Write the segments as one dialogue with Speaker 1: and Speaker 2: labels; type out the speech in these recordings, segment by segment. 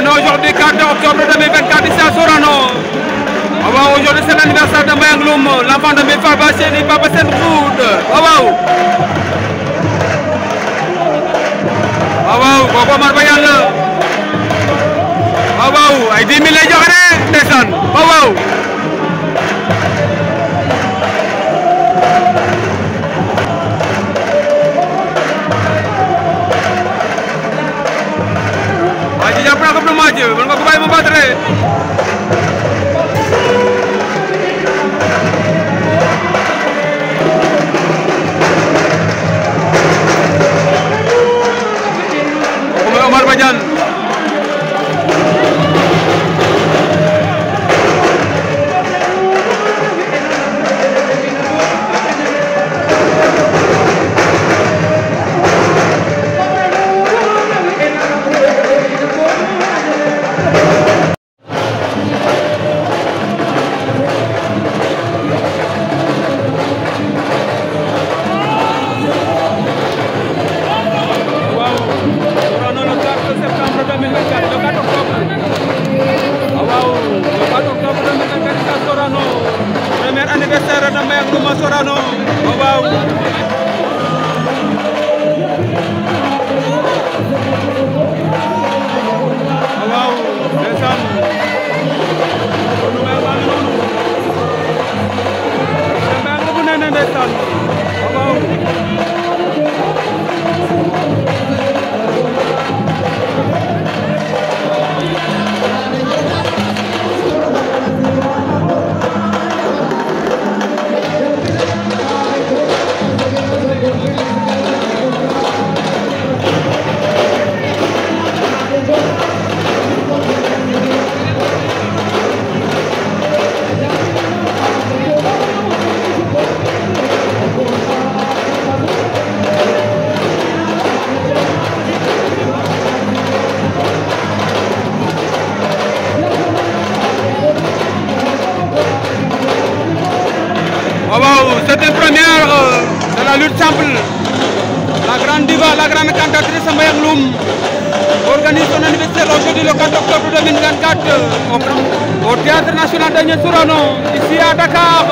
Speaker 1: On est aujourd'hui 4 octobre 2024 ici à Sorano. Oh wow, aujourd'hui c'est l'anniversaire de Mayangloum, l'enfant de Mefa Bacheli, Papa Senfoud. Oh wow. Oh wow, Papa Marbayal. Oh wow, ay 10 000 lay joxe de ndeysaan. Oh wow. présentatrice Mbayang Loum organise son anniversaire aujourd'hui le 4 octobre 2024 au, Théâtre National de Sourano, ici à Dakar.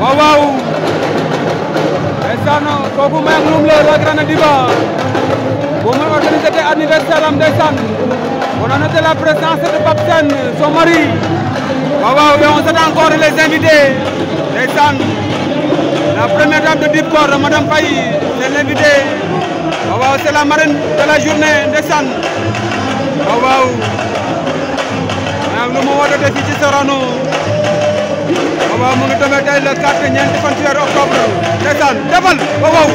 Speaker 1: Waouh waouh Ndeysaan kooku Mbayang Loum la la grande diva bu organisé cet anniversaire am ndeysaan on a noté la présence de Pape Sen, son mari waaw waaw Et on s'attend encore les invités ndeysaan la première dame de Dibkor Madame Faye c'est l'invité waaw waaw c'est la marraine de la journée ndeysaan lu mu woote fii ci Sorano waaw waaw mu ngi demee tey le 4 ñeenti fan ci weeru octobre ndeysaan defal waaw waaw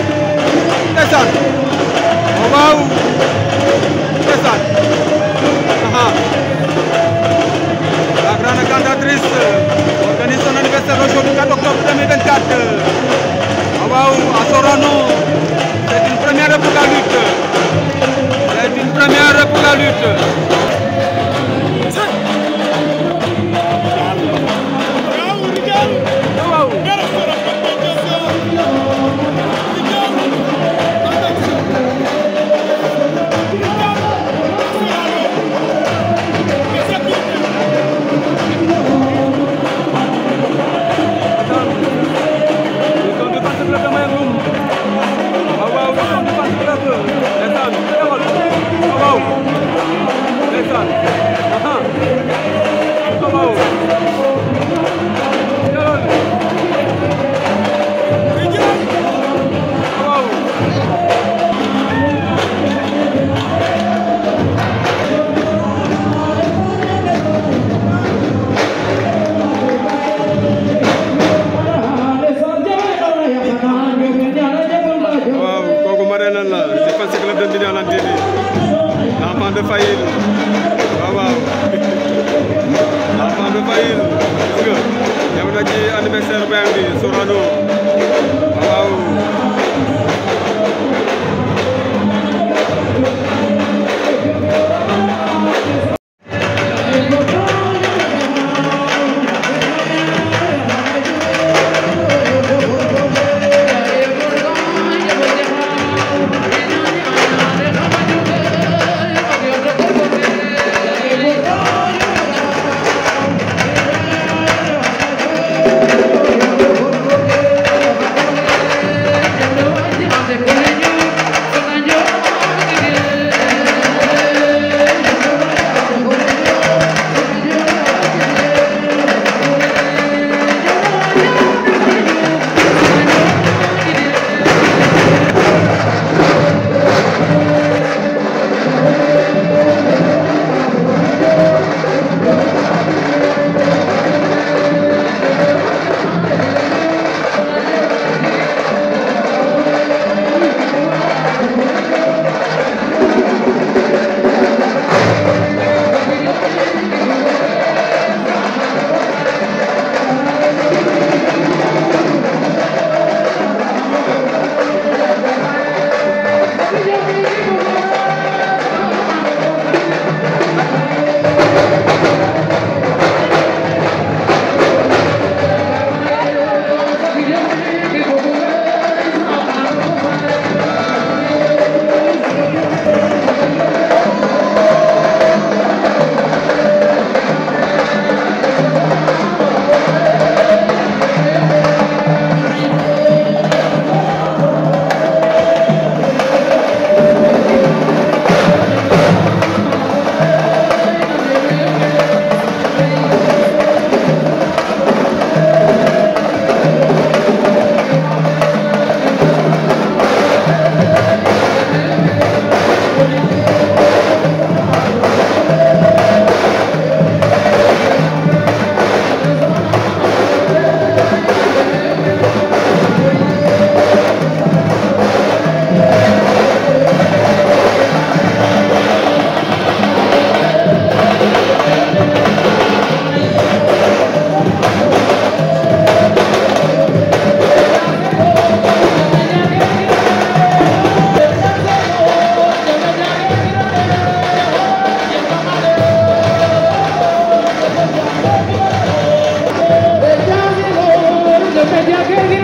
Speaker 1: ndeysaan waaw waaw ndeysaan aha la grande cantatrice organise son anniversaire aujourd'hui 4 octobre 2024 waaw waaw à Sorano C'est une première pour la lutte. C'est une première pour la lutte. Gracias, este